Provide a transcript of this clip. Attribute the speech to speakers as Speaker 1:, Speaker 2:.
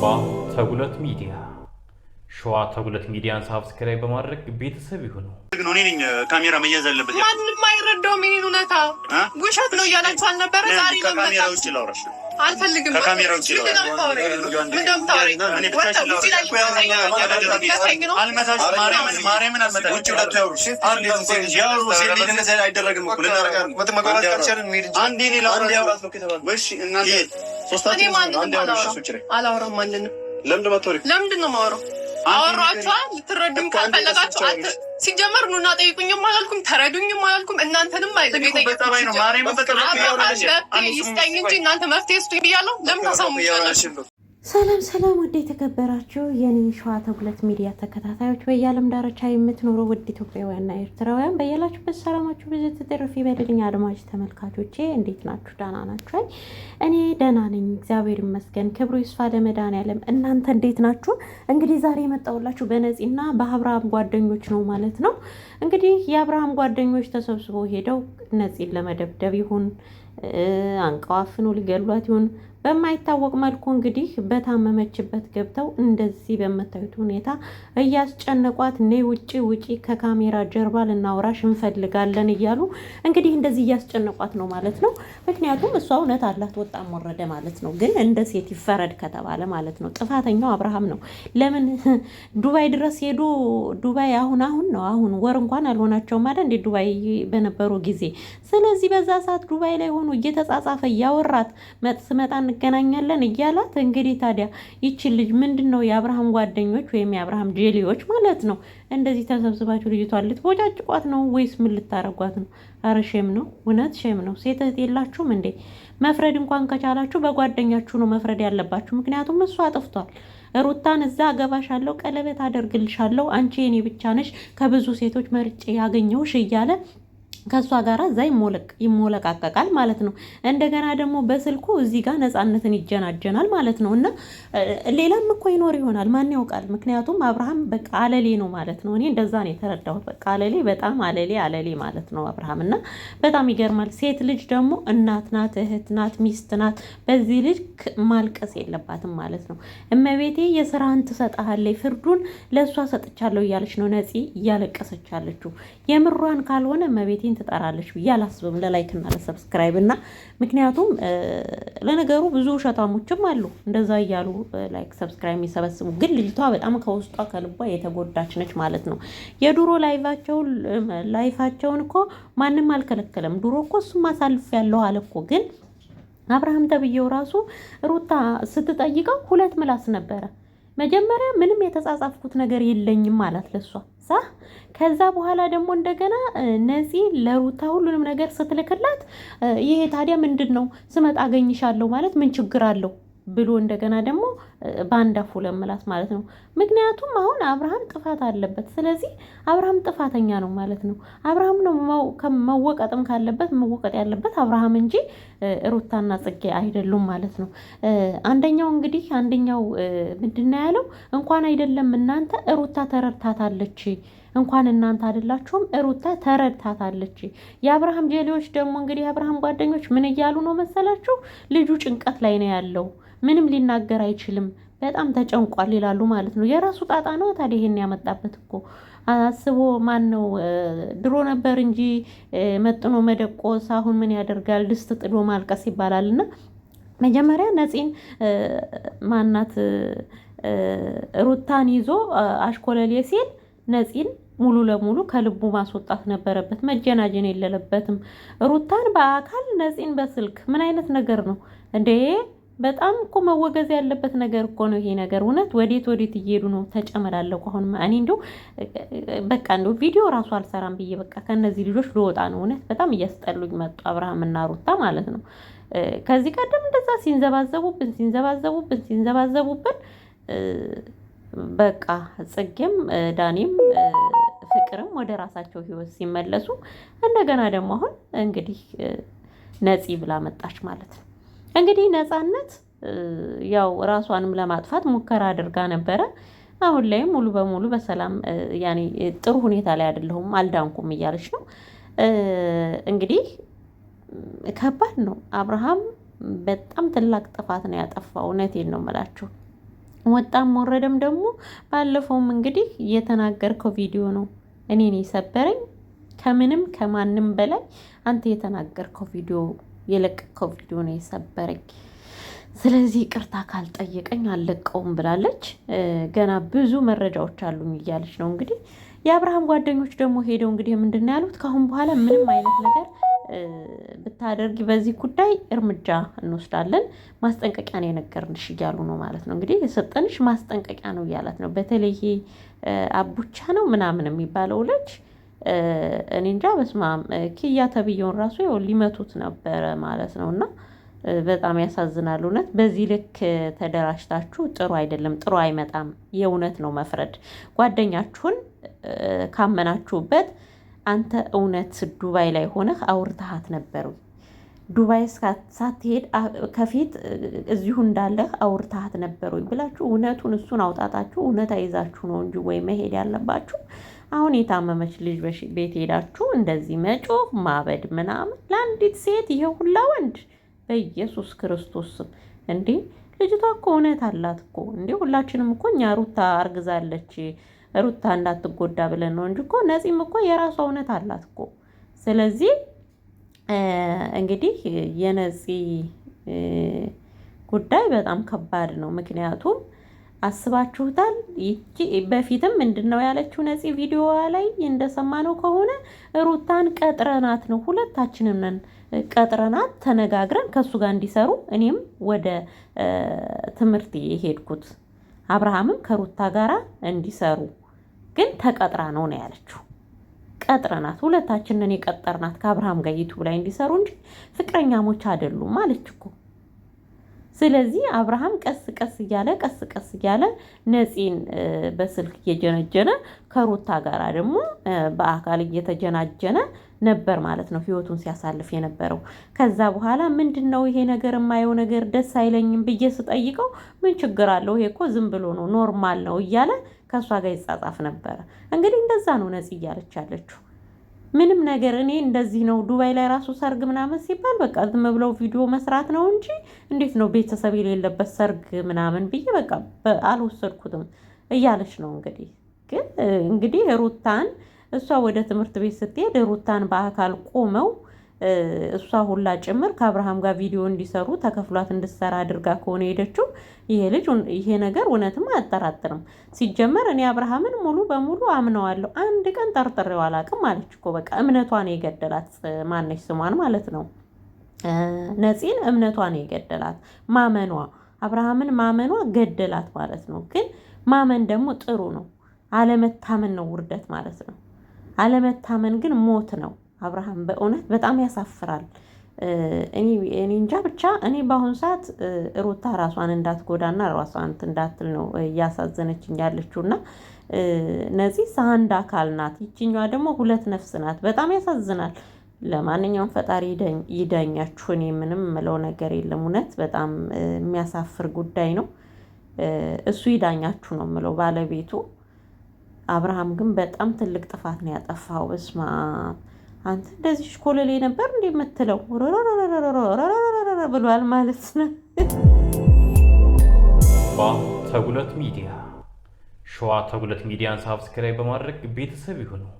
Speaker 1: አባ ተጉለት ሚዲያ ሸዋ ተጉለት ሚዲያን ሳብስክራይብ በማድረግ ቤተሰብ ይሁኑ።
Speaker 2: እኔ ነኝ ካሜራ መያዝ አለበት።
Speaker 3: ማንም አይረዳውም ይሄን እውነታ። ውሸት ነው እያላችሁ አልነበረ? ዛሬ ነው ካሜራ ውጭ ላውራሽ አልፈልግም።
Speaker 2: ከካሜራ ውጭ ማርያምን
Speaker 3: አላወራም። ማንንም ለምንድን ነው የማወራው? አወራኋቸዋ ልትረዱም ካልፈለጋችሁ ሲጀመር ኑና ጠይቁኝም አላልኩም፣ ተረዱኝም አላልኩም። እናንተንም ይስጠኝ እንጂ እናንተ መፍትሄ ስጡኝ ብያለሁ። ለምን ታሳሙ
Speaker 4: ሰላም ሰላም ውድ የተከበራችሁ የኔ ሸዋ ተጉለት ሚዲያ ተከታታዮች በየዓለም ዳርቻ የምትኖሩ ውድ ኢትዮጵያውያንና ኤርትራውያን በያላችሁበት ሰላማችሁ ብዙ ትትርፍ ይበልልኝ። አድማጭ ተመልካቾቼ እንዴት ናችሁ? ደህና ናችሁ? እኔ ደህና ነኝ፣ እግዚአብሔር ይመስገን። ክብሩ ይስፋ ለመድኃኒዓለም። እናንተ እንዴት ናችሁ? እንግዲህ ዛሬ የመጣሁላችሁ በነፂና በአብርሃም ጓደኞች ነው ማለት ነው። እንግዲህ የአብርሃም ጓደኞች ተሰብስበው ሄደው ነፂን ለመደብደብ ይሁን አንቀዋፍኑ ሊገሏት ይሁን በማይታወቅ መልኩ እንግዲህ በታመመችበት ገብተው እንደዚህ በምታዩት ሁኔታ እያስጨነቋት ነይ ውጪ ውጪ፣ ከካሜራ ጀርባ ልናውራሽ እንፈልጋለን እያሉ እንግዲህ እንደዚህ እያስጨነቋት ነው ማለት ነው። ምክንያቱም እሷ እውነት አላት ወጣም ወረደ ማለት ነው። ግን እንደ ሴት ይፈረድ ከተባለ ማለት ነው ጥፋተኛው አብርሃም ነው። ለምን ዱባይ ድረስ ሄዱ? ዱባይ አሁን አሁን ነው አሁን ወር እንኳን አልሆናቸውም ማለት እንዴ ዱባይ በነበሩ ጊዜ። ስለዚህ በዛ ሰዓት ዱባይ ላይ ሆኑ እየተጻጻፈ እያወራት መጥስመጣን እንገናኛለን እያላት እንግዲህ ታዲያ ይችን ልጅ ምንድን ነው የአብርሃም ጓደኞች ወይም የአብርሃም ጄሌዎች ማለት ነው እንደዚህ ተሰብስባችሁ ልጅቷን ልትቦጫጭቋት ነው ወይስ ምን ልታረጓት ነው? አረ ሼም ነው እውነት ሼም ነው። ሴት እህት የላችሁም እንዴ? መፍረድ እንኳን ከቻላችሁ በጓደኛችሁ ነው መፍረድ ያለባችሁ። ምክንያቱም እሱ አጥፍቷል። ሩታን እዛ አገባሻለሁ፣ ቀለበት አደርግልሻለሁ፣ አንቺ የኔ ብቻ ነሽ፣ ከብዙ ሴቶች መርጬ ያገኘውሽ እያለ ከእሷ ጋር እዛ ይሞለቃቀቃል ማለት ነው። እንደገና ደግሞ በስልኩ እዚህ ጋር ነፃነትን ይጀናጀናል ማለት ነው። እና ሌላም እኮ ይኖር ይሆናል ማን ያውቃል? ምክንያቱም አብርሃም በቃ አለሌ ነው ማለት ነው። እኔ እንደዛ ነው የተረዳሁት። በቃ አለሌ፣ በጣም አለሌ አለሌ ማለት ነው አብርሃም። እና በጣም ይገርማል። ሴት ልጅ ደግሞ እናት ናት፣ እህት ናት፣ ሚስት ናት። በዚህ ልጅ ማልቀስ የለባትም ማለት ነው። እመቤቴ የስራህን ትሰጥሃለች፣ ፍርዱን ለእሷ ሰጥቻለሁ እያለች ነው ነፂ እያለቀሰች ያለችው። የምሯን ካልሆነ እመቤቴ እህቴን ትጠራለች ብዬ አላስብም። ለላይክና ለሰብስክራይብ እና ምክንያቱም ለነገሩ ብዙ ውሸታሞችም አሉ እንደዛ እያሉ ላይክ ሰብስክራይብ የሚሰበስቡ ግን ልጅቷ በጣም ከውስጧ ከልቧ የተጎዳች ነች ማለት ነው። የድሮ ላይፋቸውን ላይፋቸውን እኮ ማንም አልከለከለም። ድሮ እኮ እሱም አሳልፍ ያለው አለ እኮ ግን አብርሃም ተብዬው ራሱ ሩታ ስትጠይቀው ሁለት ምላስ ነበረ መጀመሪያ ምንም የተጻጻፍኩት ነገር የለኝም አላት ለሷ ሳ ከዛ በኋላ ደግሞ እንደገና ነፂ ለሩታ ሁሉንም ነገር ስትልክላት ይሄ ታዲያ ምንድን ነው ስመጣ አገኝሻለሁ ማለት ምን ችግር አለው ብሎ እንደገና ደግሞ ባንዳፉ ለምላት ማለት ነው። ምክንያቱም አሁን አብርሃም ጥፋት አለበት። ስለዚህ አብርሃም ጥፋተኛ ነው ማለት ነው። አብርሃም ነው መወቀጥም ካለበት መወቀጥ ያለበት አብርሃም እንጂ ሩታና ጽጌ አይደሉም ማለት ነው። አንደኛው እንግዲህ አንደኛው ምንድን ነው ያለው እንኳን አይደለም እናንተ ሩታ ተረድታታለች እንኳን እናንተ አይደላችሁም ሩታ ተረድታታለች። የአብርሃም ጀሌዎች ደግሞ እንግዲህ የአብርሃም ጓደኞች ምን እያሉ ነው መሰላችሁ? ልጁ ጭንቀት ላይ ነው ያለው፣ ምንም ሊናገር አይችልም በጣም ተጨንቋል ይላሉ ማለት ነው። የራሱ ጣጣ ነው ታዲያ ይሄን ያመጣበት እኮ አስቦ ማን ነው? ድሮ ነበር እንጂ መጥኖ መደቆስ፣ አሁን ምን ያደርጋል ድስት ጥሎ ማልቀስ ይባላል። እና መጀመሪያ ነፂን ማናት ሩታን ይዞ አሽኮለሌ ሲል ነፂን ሙሉ ለሙሉ ከልቡ ማስወጣት ነበረበት። መጀናጀን የለለበትም። ሩታን በአካል ነፂን በስልክ ምን አይነት ነገር ነው እንዴ? በጣም እኮ መወገዝ ያለበት ነገር እኮ ነው ይሄ ነገር። እውነት ወዴት ወዴት እየሄዱ ነው? ተጨምራለሁ አሁን እኔ እንደው በቃ እንደው ቪዲዮ ራሱ አልሰራም ብዬ በቃ ከእነዚህ ልጆች ልወጣ ነው። እውነት በጣም እያስጠሉኝ መጡ፣ አብርሃም እና ሩታ ማለት ነው። ከዚህ ቀደም እንደዛ ሲንዘባዘቡብን ሲንዘባዘቡብን ሲንዘባዘቡብን በቃ ጽጌም ዳኔም ፍቅርም ወደ ራሳቸው ህይወት ሲመለሱ እንደገና ደግሞ አሁን እንግዲህ ነፂ ብላ መጣች ማለት ነው። እንግዲህ ነጻነት ያው ራሷንም ለማጥፋት ሙከራ አድርጋ ነበረ። አሁን ላይም ሙሉ በሙሉ በሰላም ያኔ ጥሩ ሁኔታ ላይ አይደለሁም አልዳንኩም እያለች ነው። እንግዲህ ከባድ ነው። አብርሃም በጣም ትላቅ ጥፋት ነው ያጠፋው። እውነቴን ነው የምላችሁ። ወጣም ወረደም ደግሞ ባለፈውም እንግዲህ የተናገርከው ቪዲዮ ነው እኔን የሰበረኝ ከምንም ከማንም በላይ አንተ የተናገርከው ቪዲዮ የለቀቀው ቪዲዮ ነው የሰበረኝ። ስለዚህ ቅርታ ካልጠየቀኝ አልለቀውም ብላለች። ገና ብዙ መረጃዎች አሉኝ እያለች ነው እንግዲህ። የአብርሃም ጓደኞች ደግሞ ሄደው እንግዲህ ምንድን ነው ያሉት? ከአሁን በኋላ ምንም አይነት ነገር ብታደርጊ በዚህ ጉዳይ እርምጃ እንወስዳለን፣ ማስጠንቀቂያ ነው የነገርንሽ እያሉ ነው ማለት ነው። እንግዲህ የሰጠንሽ ማስጠንቀቂያ ነው እያላት ነው። በተለይ አቡቻ ነው ምናምን የሚባለው ልጅ እኔ እንጃ በስማም ኪያ ተብዬውን ራሱ ያው ሊመቱት ነበረ ማለት ነው። እና በጣም ያሳዝናል እውነት። በዚህ ልክ ተደራጅታችሁ ጥሩ አይደለም፣ ጥሩ አይመጣም። የእውነት ነው መፍረድ። ጓደኛችሁን ካመናችሁበት አንተ እውነት ዱባይ ላይ ሆነህ አውርተሃት ነበሩ? ዱባይ ሳትሄድ ከፊት እዚሁ እንዳለህ አውርተሃት ነበሩ ብላችሁ እውነቱን እሱን አውጣታችሁ እውነት አይዛችሁ ነው እንጂ ወይ መሄድ ያለባችሁ አሁን የታመመች ልጅ ቤት ሄዳችሁ እንደዚህ መጮህ ማበድ ምናምን ለአንዲት ሴት ይሄ ሁላ ወንድ በኢየሱስ ክርስቶስ ስም እንዴ! ልጅቷ እኮ እውነት አላት እኮ እንዴ! ሁላችንም እኮ እኛ ሩታ አርግዛለች ሩታ እንዳትጎዳ ብለን ነው እንጂ እኮ ነፂም እኮ የራሷ እውነት አላት እኮ። ስለዚህ እንግዲህ የነፂ ጉዳይ በጣም ከባድ ነው። ምክንያቱም አስባችሁታል? ይቺ በፊትም ምንድን ነው ያለችው ነፂ ቪዲዮ ላይ እንደሰማነው ከሆነ ሩታን ቀጥረናት ነው ሁለታችንም ቀጥረናት ተነጋግረን ከእሱ ጋር እንዲሰሩ እኔም ወደ ትምህርት የሄድኩት አብርሃምም ከሩታ ጋር እንዲሰሩ ግን ተቀጥራ ነው ነው ያለችው። ቀጥረናት ሁለታችንን የቀጠርናት ከአብርሃም ጋር ዩቱብ ላይ እንዲሰሩ እንጂ ፍቅረኛሞች አይደሉም አለች እኮ ስለዚህ አብርሃም ቀስ ቀስ እያለ ቀስ ቀስ እያለ ነፂን በስልክ እየጀነጀነ ከሩታ ጋር ደግሞ በአካል እየተጀናጀነ ነበር ማለት ነው ህይወቱን ሲያሳልፍ የነበረው። ከዛ በኋላ ምንድን ነው ይሄ ነገር የማየው ነገር ደስ አይለኝም ብዬ ስጠይቀው ምን ችግር አለው ይሄ እኮ ዝም ብሎ ነው ኖርማል ነው እያለ ከእሷ ጋር ይጻጻፍ ነበረ። እንግዲህ እንደዛ ነው ነፂ እያለች ያለችው። ምንም ነገር እኔ እንደዚህ ነው። ዱባይ ላይ ራሱ ሰርግ ምናምን ሲባል በቃ ዝም ብለው ቪዲዮ መስራት ነው እንጂ እንዴት ነው ቤተሰብ የሌለበት ሰርግ ምናምን ብዬ በቃ አልወሰድኩትም እያለች ነው እንግዲህ ግን እንግዲህ ሩታን እሷ ወደ ትምህርት ቤት ስትሄድ ሩታን በአካል ቆመው እሷ ሁላ ጭምር ከአብርሃም ጋር ቪዲዮ እንዲሰሩ ተከፍሏት እንድትሰራ አድርጋ ከሆነ ሄደችው። ይሄ ልጅ ይሄ ነገር እውነትም አያጠራጥርም። ሲጀመር እኔ አብርሃምን ሙሉ በሙሉ አምነዋለሁ፣ አንድ ቀን ጠርጥሬው አላውቅም አለች እኮ። በቃ ነው የገደላት ማነች ስሟን ማለት ነው ነፂን፣ ነው የገደላት ማመኗ፣ አብርሃምን ማመኗ ገደላት ማለት ነው። ግን ማመን ደግሞ ጥሩ ነው፣ አለመታመን ነው ውርደት ማለት ነው። አለመታመን ግን ሞት ነው። አብርሃም በእውነት በጣም ያሳፍራል። እኔ እንጃ ብቻ እኔ በአሁኑ ሰዓት ሩታ ራሷን እንዳትጎዳና ራሷን እንዳትል ነው እያሳዘነችኝ ያለችው እና እነዚህ አንድ አካል ናት፣ ይችኛዋ ደግሞ ሁለት ነፍስ ናት። በጣም ያሳዝናል። ለማንኛውም ፈጣሪ ይዳኛችሁ። እኔ ምንም ምለው ነገር የለም። እውነት በጣም የሚያሳፍር ጉዳይ ነው። እሱ ይዳኛችሁ ነው ምለው ባለቤቱ አብርሃም ግን በጣም ትልቅ ጥፋት ነው ያጠፋው። እስማ አንተ እንደዚህ ላይ ነበር እንደ የምትለው ብሏል ማለት ነው። ተጉለት ሚዲያ ሸዋ ተጉለት ሚዲያን ሳብስክራይብ በማድረግ ቤተሰብ ይሁነው።